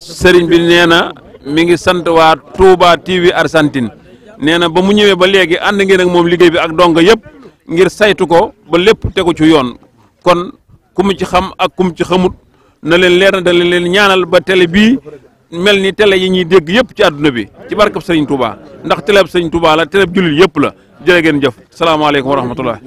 sëriñ bi nee na mi ngi sant waa Touba TV Argentine nee na ba mu ñëwee ba léegi ànd ngeen moom liggéey bi ak donga yëpp ngir saytu ko ba lépp tegu ci yoon kon ku mu ci xam ak ku mu ci xamut na leen leer na da leen ñaanal ba tele bii mel ni tele yi ñuy dégg yëpp ci àdduna bi ci barkab sëriñ Touba ndax tele ab sëriñ Touba la télé ab jullit yëpp la jërë ngeen jëf salaamaaleykum wa rahmatullah